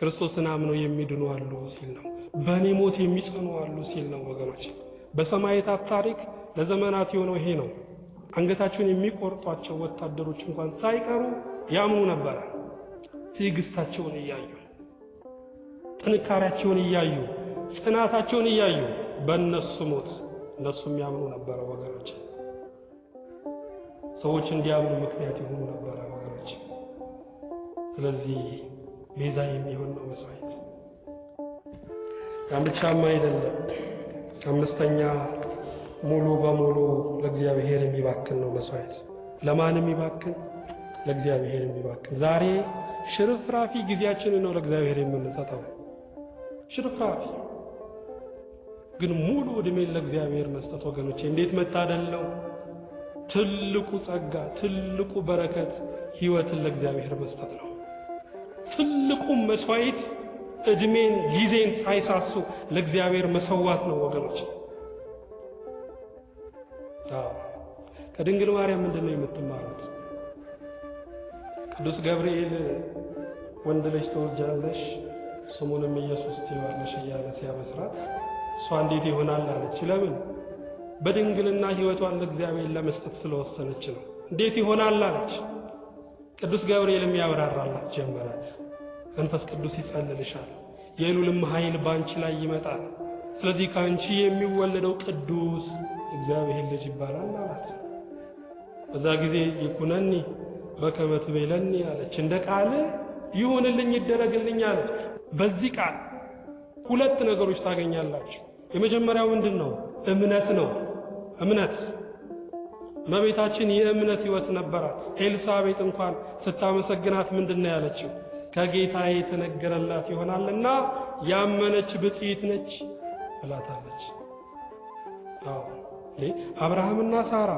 ክርስቶስን አምነው የሚድኑ አሉ ሲል ነው። በእኔ ሞት የሚጸኑ አሉ ሲል ነው። ወገኖች በሰማዕታት ታሪክ ለዘመናት የሆነው ይሄ ነው። አንገታቸውን የሚቆርጧቸው ወታደሮች እንኳን ሳይቀሩ ያምኑ ነበረ። ትዕግስታቸውን እያዩ፣ ጥንካሬያቸውን እያዩ፣ ጽናታቸውን እያዩ በእነሱ ሞት እነሱም ያምኑ ነበረ ወገኖች። ሰዎች እንዲያምኑ ምክንያት የሆኑ ነበረ ወገኖች። ስለዚህ ቤዛ የሚሆን ነው መስዋዕት። ያን ብቻም አይደለም፣ አምስተኛ ሙሉ በሙሉ ለእግዚአብሔር የሚባክን ነው መስዋዕት። ለማን የሚባክን? ለእግዚአብሔር የሚባክን። ዛሬ ሽርፍራፊ ጊዜያችንን ነው ለእግዚአብሔር የምንሰጠው፣ ሽርፍራፊ ግን ሙሉ ዕድሜን ለእግዚአብሔር መስጠት ወገኖቼ እንዴት መታደል ነው! ትልቁ ጸጋ፣ ትልቁ በረከት ሕይወትን ለእግዚአብሔር መስጠት ነው። ትልቁም መስዋዕት እድሜን ጊዜን ሳይሳሱ ለእግዚአብሔር መሰዋት ነው ወገኖች። ከድንግል ማርያም ምንድን ነው የምትማሩት? ቅዱስ ገብርኤል ወንድ ልጅ ትወልጃለሽ ስሙንም ኢየሱስ ትይዋለሽ እያለ ሲያበስራት እሷ እንዴት ይሆናል አለች። ለምን? በድንግልና ሕይወቷን ለእግዚአብሔር ለመስጠት ስለወሰነች ነው። እንዴት ይሆናል አለች። ቅዱስ ገብርኤልም ያብራራላት ጀመረ። መንፈስ ቅዱስ ይጸልልሻል፣ የሉልም ኃይል ባንቺ ላይ ይመጣል። ስለዚህ ከአንቺ የሚወለደው ቅዱስ እግዚአብሔር ልጅ ይባላል አላት። በዛ ጊዜ ይኩነኒ በከመ ትቤለኒ አለች፣ እንደ ቃል ይሁንልኝ ይደረግልኝ አለች። በዚህ ቃል ሁለት ነገሮች ታገኛላችሁ። የመጀመሪያው ምንድን ነው? እምነት ነው። እምነት እመቤታችን የእምነት ሕይወት ነበራት። ኤልሳቤጥ እንኳን ስታመሰግናት ምንድን ነው ያለችው? ከጌታ የተነገረላት ይሆናልና ያመነች ብጽይት ነች ብላታለች። አዎ አብርሃምና ሳራ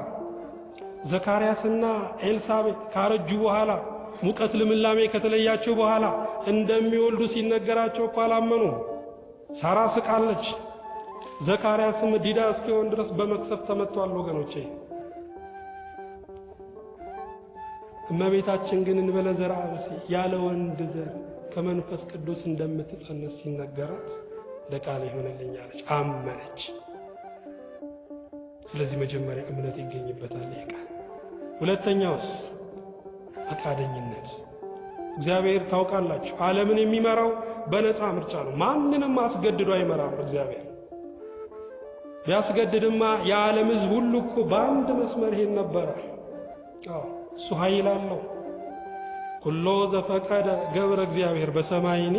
ዘካርያስና ኤልሳቤት ካረጁ በኋላ ሙቀት ልምላሜ ከተለያቸው በኋላ እንደሚወልዱ ሲነገራቸው እኮ አላመኑ። ሳራ ስቃለች። ዘካርያስም ዲዳ እስኪሆን ድረስ በመቅሰፍ ተመቷል ወገኖቼ። እመቤታችን ግን እንበለ ዘርአ ብእሲ ያለ ወንድ ዘር ከመንፈስ ቅዱስ እንደምትጸንስ ሲነገራት ለቃል ይሆንልኝ አለች፣ አመነች። ስለዚህ መጀመሪያ እምነት ይገኝበታል ይህ ቃል። ሁለተኛውስ ፈቃደኝነት። እግዚአብሔር ታውቃላችሁ፣ ዓለምን የሚመራው በነፃ ምርጫ ነው። ማንንም አስገድዶ አይመራም እግዚአብሔር። ቢያስገድድማ የዓለም ሕዝብ ሁሉ እኮ በአንድ መስመር ይሄን ነበረ። አዎ እሱ ኃይል አለው። ኩሎ ዘፈቀደ ገብረ እግዚአብሔር በሰማይኒ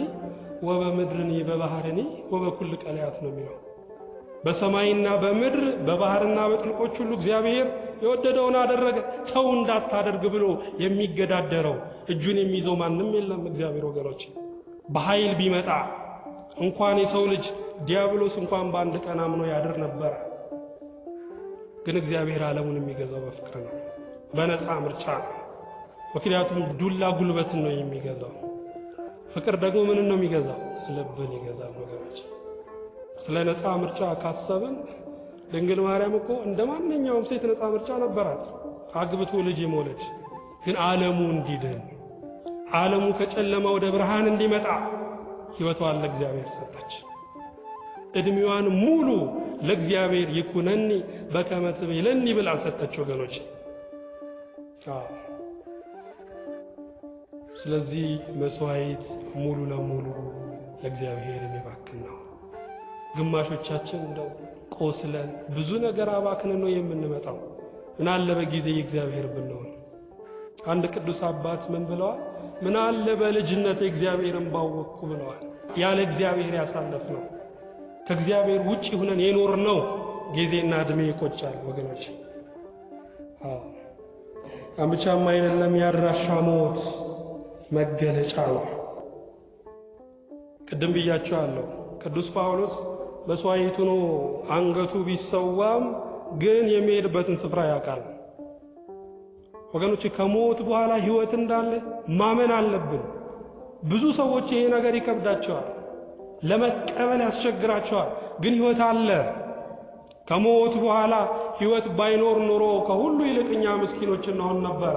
ወበምድርኒ በባህርኒ ወበኩል ቀለያት ነው የሚለው። በሰማይና በምድር በባህርና በጥልቆች ሁሉ እግዚአብሔር የወደደውን አደረገ። ሰው እንዳታደርግ ብሎ የሚገዳደረው እጁን የሚይዘው ማንም የለም። እግዚአብሔር ወገኖች በኃይል ቢመጣ እንኳን የሰው ልጅ ዲያብሎስ እንኳን በአንድ ቀን አምኖ ያድር ነበረ። ግን እግዚአብሔር ዓለሙን የሚገዛው በፍቅር ነው። በነፃ ምርጫ ምክንያቱም ዱላ ጉልበትን ነው የሚገዛው። ፍቅር ደግሞ ምንን ነው የሚገዛው? ልብን ይገዛል። ወገኖች ስለ ነፃ ምርጫ ካሰብን ድንግል ማርያም እኮ እንደ ማንኛውም ሴት ነፃ ምርጫ ነበራት፣ አግብቶ ልጅ የመውለድ ግን ዓለሙ እንዲድን ዓለሙ ከጨለማ ወደ ብርሃን እንዲመጣ ሕይወቷን ለእግዚአብሔር ሰጠች። ዕድሜዋን ሙሉ ለእግዚአብሔር ይኩነኒ በከመ ትቤለኒ ብላ ሰጠች ወገኖች። ስለዚህ መስዋዕት ሙሉ ለሙሉ ለእግዚአብሔር የሚባክን ነው። ግማሾቻችን እንደው ቆስለን ብዙ ነገር አባክን ነው የምንመጣው። ምን አለ በጊዜ የእግዚአብሔር ብንሆን። አንድ ቅዱስ አባት ምን ብለዋል? ምን አለ በልጅነት እግዚአብሔርን ባወቅኩ ብለዋል። ያለ እግዚአብሔር ያሳለፍ ነው ከእግዚአብሔር ውጭ ሁነን የኖር ነው ጊዜና ዕድሜ ይቆጫል ወገኖች። ብቻም አይደለም ያድራሻ ሞት መገለጫ ነው። ቅድም አለው ቅዱስ ጳውሎስ መስዋዕት ሆኖ አንገቱ ቢሰዋም ግን የሚሄድበትን ስፍራ ያውቃል። ወገኖች ከሞት በኋላ ሕይወት እንዳለ ማመን አለብን። ብዙ ሰዎች ይሄ ነገር ይከብዳቸዋል፣ ለመቀበል ያስቸግራቸዋል። ግን ሕይወት አለ። ከሞት በኋላ ህይወት ባይኖር ኖሮ ከሁሉ ይልቅ እኛ ምስኪኖች እንሆን ነበረ።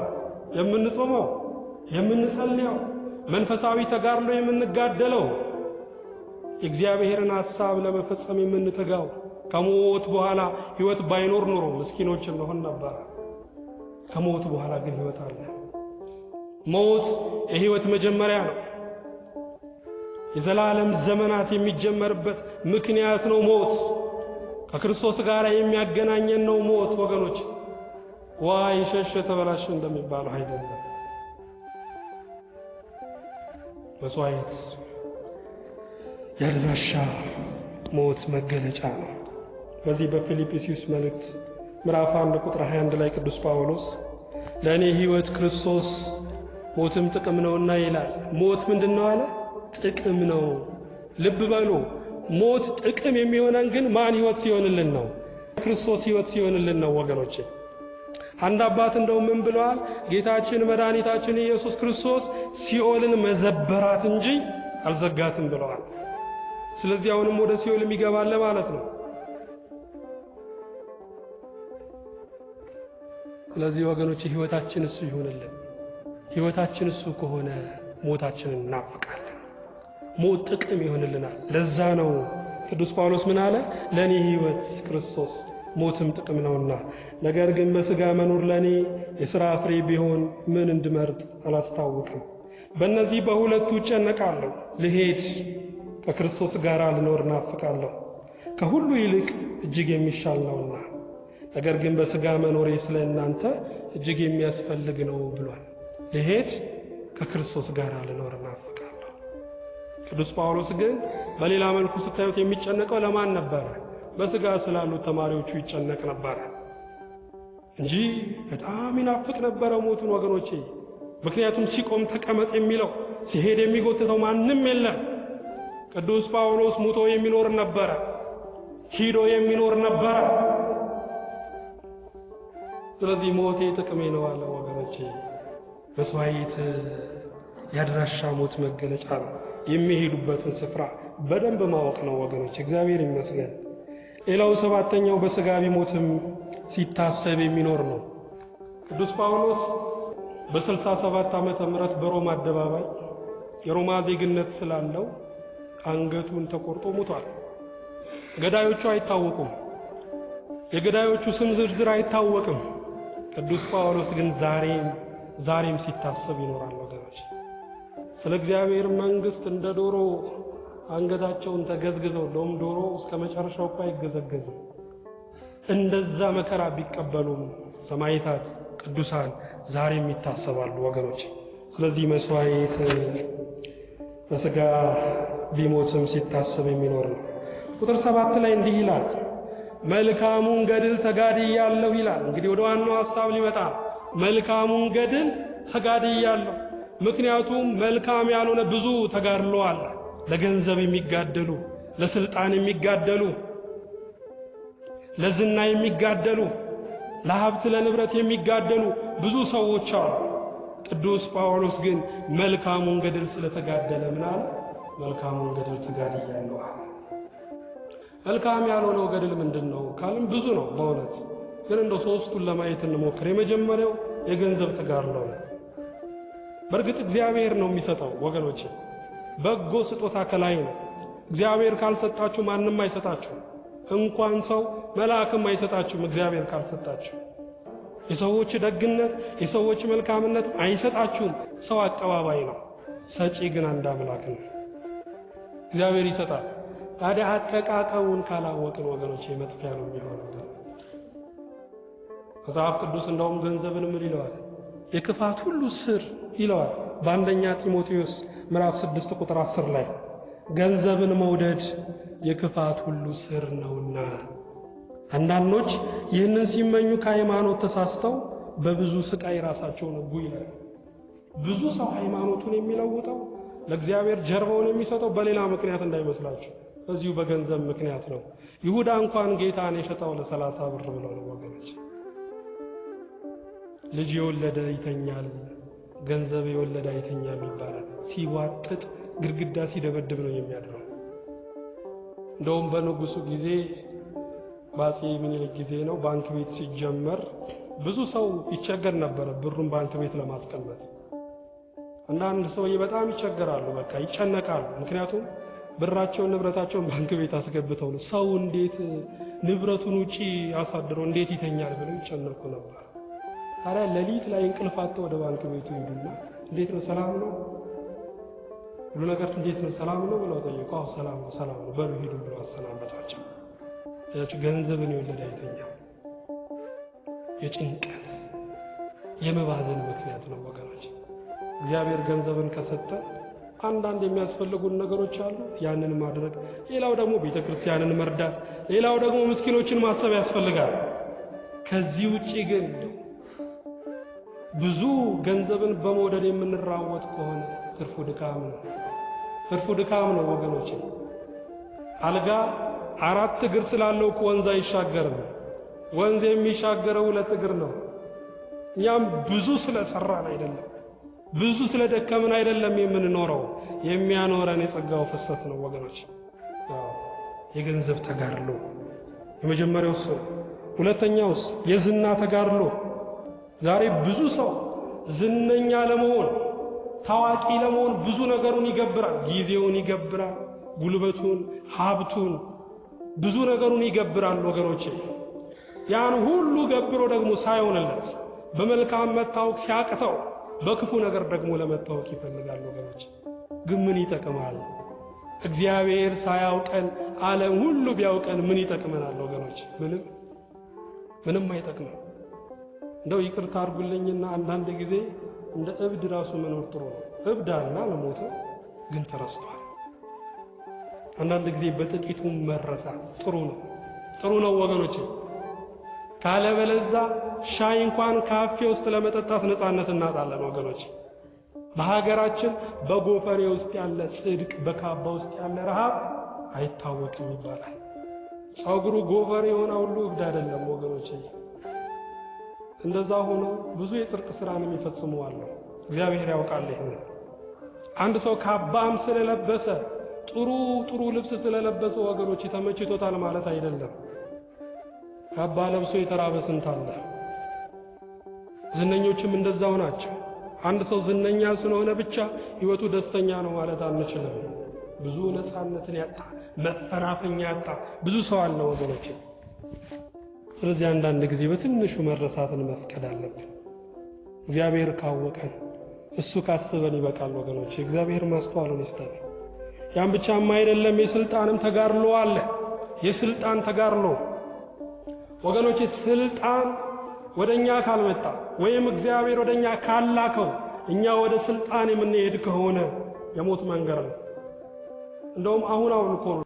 የምንጾመው፣ የምንጸልየው፣ መንፈሳዊ ተጋድሎ የምንጋደለው፣ እግዚአብሔርን ሐሳብ ለመፈጸም የምንተጋው ከሞት በኋላ ህይወት ባይኖር ኖሮ ምስኪኖች እንሆን ነበረ። ከሞት በኋላ ግን ህይወት አለ። ሞት የህይወት መጀመሪያ ነው። የዘላለም ዘመናት የሚጀመርበት ምክንያት ነው ሞት ከክርስቶስ ጋር የሚያገናኘን ነው ሞት። ወገኖች ዋይ ሸሸ ተበላሸ እንደሚባለው አይደለም። መስዋዕት ያድራሻ ሞት መገለጫ ነው። በዚህ በፊልጵስዩስ መልእክት ምዕራፍ 1 ቁጥር 21 ላይ ቅዱስ ጳውሎስ ለእኔ ሕይወት ክርስቶስ ሞትም ጥቅም ነውና ይላል። ሞት ምንድን ነው አለ? ጥቅም ነው። ልብ በሉ። ሞት ጥቅም የሚሆነን ግን ማን ህይወት ሲሆንልን ነው? ክርስቶስ ህይወት ሲሆንልን ነው ወገኖች አንድ አባት እንደው ምን ብለዋል? ጌታችን መድኃኒታችን ኢየሱስ ክርስቶስ ሲኦልን መዘበራት እንጂ አልዘጋትም ብለዋል። ስለዚህ አሁንም ወደ ሲኦል የሚገባለ ማለት ነው። ስለዚህ ወገኖች ህይወታችን እሱ ይሆንልን። ህይወታችን እሱ ከሆነ ሞታችንን እናፍቅ። ሞት ጥቅም ይሆንልናል። ለዛ ነው ቅዱስ ጳውሎስ ምን አለ? ለእኔ ሕይወት ክርስቶስ ሞትም ጥቅም ነውና፣ ነገር ግን በሥጋ መኖር ለእኔ የሥራ ፍሬ ቢሆን ምን እንድመርጥ አላስታውቅም። በእነዚህ በሁለቱ እጨነቃለሁ። ልሄድ ከክርስቶስ ጋር ልኖር እናፍቃለሁ፣ ከሁሉ ይልቅ እጅግ የሚሻል ነውና፣ ነገር ግን በሥጋ መኖሬ ስለ እናንተ እጅግ የሚያስፈልግ ነው ብሏል። ልሄድ ከክርስቶስ ጋር ልኖር እናፍቃለሁ። ቅዱስ ጳውሎስ ግን በሌላ መልኩ ስታዩት የሚጨነቀው ለማን ነበረ? በስጋ ስላሉት ተማሪዎቹ ይጨነቅ ነበረ እንጂ በጣም ይናፍቅ ነበረ ሞቱን ወገኖቼ። ምክንያቱም ሲቆም ተቀመጥ የሚለው ሲሄድ የሚጎትተው ማንም የለም። ቅዱስ ጳውሎስ ሙቶ የሚኖር ነበረ፣ ሂዶ የሚኖር ነበረ። ስለዚህ ሞቴ ጥቅሜ ነው አለ ወገኖቼ። መስዋዕት የአድራሻ ሞት መገለጫ ነው። የሚሄዱበትን ስፍራ በደንብ ማወቅ ነው ወገኖች፣ እግዚአብሔር ይመስገን። ሌላው ሰባተኛው በስጋ ቢሞትም ሲታሰብ የሚኖር ነው። ቅዱስ ጳውሎስ በ67 ዓመተ ምህረት በሮማ አደባባይ የሮማ ዜግነት ስላለው አንገቱን ተቆርጦ ሞቷል። ገዳዮቹ አይታወቁም። የገዳዮቹ ስም ዝርዝር አይታወቅም። ቅዱስ ጳውሎስ ግን ዛሬም ዛሬም ሲታሰብ ይኖራል ወገኖች። ስለ እግዚአብሔር መንግስት እንደ ዶሮ አንገታቸውን ተገዝግዘው እንደውም ዶሮ እስከ መጨረሻው እኮ አይገዘገዝም። እንደዛ መከራ ቢቀበሉም ሰማይታት ቅዱሳን ዛሬም ይታሰባሉ ወገኖች። ስለዚህ መስዋዕት በስጋ ቢሞትም ሲታሰብ የሚኖር ነው። ቁጥር ሰባት ላይ እንዲህ ይላል፣ መልካሙን ገድል ተጋድያለሁ ይላል። እንግዲህ ወደ ዋናው ሐሳብ ሊመጣ መልካሙን ገድል ተጋድያለሁ ምክንያቱም መልካም ያልሆነ ብዙ ተጋድሎ አለ። ለገንዘብ የሚጋደሉ፣ ለስልጣን የሚጋደሉ፣ ለዝና የሚጋደሉ፣ ለሀብት ለንብረት የሚጋደሉ ብዙ ሰዎች አሉ። ቅዱስ ጳውሎስ ግን መልካሙን ገድል ስለተጋደለ ምን አለ? መልካሙን ገድል ተጋድያለሁ አለ። መልካም ያልሆነው ገድል ምንድን ነው ካልን ብዙ ነው በእውነት ግን እንደ ሶስቱን ለማየት እንሞክር። የመጀመሪያው የገንዘብ ተጋድሎ ነው። በእርግጥ እግዚአብሔር ነው የሚሰጠው ወገኖች፣ በጎ ስጦታ ከላይ ነው። እግዚአብሔር ካልሰጣችሁ ማንም አይሰጣችሁ። እንኳን ሰው መልአክም አይሰጣችሁም። እግዚአብሔር ካልሰጣችሁ የሰዎች ደግነት፣ የሰዎች መልካምነት አይሰጣችሁም። ሰው አቀባባይ ነው፣ ሰጪ ግን አንድ አምላክ ነው። እግዚአብሔር ይሰጣል። ታዲያ አጠቃቀሙን ካላወቅን ወገኖች መጥፊያ ነው የሚሆንብን። መጽሐፍ ቅዱስ እንደውም ገንዘብን ምን ይለዋል? የክፋት ሁሉ ስር ይለዋል በአንደኛ ጢሞቴዎስ ምዕራፍ 6 ቁጥር 10 ላይ ገንዘብን መውደድ የክፋት ሁሉ ስር ነውና። አንዳንዶች ይህንን ሲመኙ ከሃይማኖት ተሳስተው በብዙ ስቃይ ራሳቸውን እጉ ይላል። ብዙ ሰው ሃይማኖቱን የሚለውጠው ለእግዚአብሔር ጀርባውን የሚሰጠው በሌላ ምክንያት እንዳይመስላችሁ በዚሁ በገንዘብ ምክንያት ነው። ይሁዳ እንኳን ጌታን የሸጠው ለሰላሳ ብር ብለው ነው ወገኖች። ልጅ የወለደ ይተኛል፣ ገንዘብ የወለደ አይተኛም ይባላል። ሲዋጥጥ ግድግዳ ሲደበድብ ነው የሚያድረው። እንደውም በንጉሱ ጊዜ በአፄ ምኒልክ ጊዜ ነው ባንክ ቤት ሲጀመር ብዙ ሰው ይቸገር ነበረ ብሩን ባንክ ቤት ለማስቀመጥ እና አንድ ሰውዬ በጣም ይቸገራሉ፣ በቃ ይጨነቃሉ። ምክንያቱም ብራቸውን ንብረታቸውን ባንክ ቤት አስገብተው ነው። ሰው እንዴት ንብረቱን ውጪ አሳድሮ እንዴት ይተኛል ብለው ይጨነቁ ነበር። ታዲያ ሌሊት ላይ እንቅልፍ አጥተው ወደ ባንክ ቤቱ ሄዱና እንዴት ነው ሰላም ነው ሁሉ ነገር እንዴት ነው ሰላም ነው ብለው ጠየቁ። አዎ ሰላም ነው ሰላም ነው በሉ ሂዱ ብሎ አሰናበታቸው። ያቸው ገንዘብን የወለደ አይተኛ የጭንቀት የመባዘን ምክንያት ነው ወገኖች። እግዚአብሔር ገንዘብን ከሰጠ አንዳንድ የሚያስፈልጉን ነገሮች አሉ፣ ያንን ማድረግ፣ ሌላው ደግሞ ቤተ ክርስቲያንን መርዳት፣ ሌላው ደግሞ ምስኪኖችን ማሰብ ያስፈልጋል። ከዚህ ውጪ ግን ብዙ ገንዘብን በመውደድ የምንራወጥ ከሆነ ትርፉ ድካም ነው። ትርፉ ድካም ነው ወገኖች። አልጋ አራት እግር ስላለው ወንዝ አይሻገርም። ወንዝ የሚሻገረው ሁለት እግር ነው። እኛም ብዙ ስለሰራን አይደለም፣ ብዙ ስለደከምን አይደለም የምንኖረው። የሚያኖረን የጸጋው ፍሰት ነው ወገኖች። የገንዘብ ተጋድሎ የመጀመሪያው እሱ ነው። ሁለተኛውስ የዝና ተጋድሎ ዛሬ ብዙ ሰው ዝነኛ ለመሆን ታዋቂ ለመሆን ብዙ ነገሩን ይገብራል። ጊዜውን ይገብራል፣ ጉልበቱን፣ ሀብቱን፣ ብዙ ነገሩን ይገብራል። ወገኖቼ ያን ሁሉ ገብሮ ደግሞ ሳይሆንለት በመልካም መታወቅ ሲያቅተው በክፉ ነገር ደግሞ ለመታወቅ ይፈልጋል። ወገኖች ግን ምን ይጠቅማል? እግዚአብሔር ሳያውቀን ዓለም ሁሉ ቢያውቀን ምን ይጠቅመናል? ወገኖች ምንም ምንም አይጠቅመን። እንደው ይቅርታ አድርጉልኝና አንዳንድ ጊዜ እንደ እብድ ራሱ መኖር ጥሩ ነው። እብድ አለና ለሞተ ግን ተረስቷል። አንዳንድ ጊዜ በጥቂቱ መረሳት ጥሩ ነው፣ ጥሩ ነው ወገኖች። ካለበለዛ ሻይ እንኳን ካፌ ውስጥ ለመጠጣት ነፃነት እናጣለን ወገኖች። በሀገራችን በጎፈሬ ውስጥ ያለ ጽድቅ፣ በካባ ውስጥ ያለ ረሃብ አይታወቅም ይባላል። ፀጉሩ ጎፈሬ የሆነ ሁሉ እብድ አይደለም ወገኖች። እንደዛ ሆነው ብዙ የጽርቅ ስራንም ይፈጽሙ አሉ። እግዚአብሔር ያውቃል ይህንን። አንድ ሰው ካባም ስለለበሰ ጥሩ ጥሩ ልብስ ስለለበሰ ወገኖች ተመችቶታል ማለት አይደለም። ካባ ለብሶ የተራበ ስንት አለ። ዝነኞችም እንደዛው ናቸው። አንድ ሰው ዝነኛ ስለሆነ ብቻ ሕይወቱ ደስተኛ ነው ማለት አንችልም። ብዙ ነፃነትን ያጣ መፈናፈኛ ያጣ ብዙ ሰው አለ ወገኖች። ስለዚህ አንዳንድ ጊዜ በትንሹ መረሳትን መፍቀድ አለብን። እግዚአብሔር ካወቀን እሱ ካስበን ይበቃል። ወገኖች እግዚአብሔር ማስተዋሉን ይስጠን። ያን ብቻም አይደለም፣ የስልጣንም ተጋድሎ አለ። የስልጣን ተጋድሎ ወገኖች፣ ስልጣን ወደኛ ካልመጣ ወይም እግዚአብሔር ወደኛ ካላከው እኛ ወደ ስልጣን የምንሄድ ከሆነ የሞት መንገድ ነው። እንደውም አሁን አሁን እኮ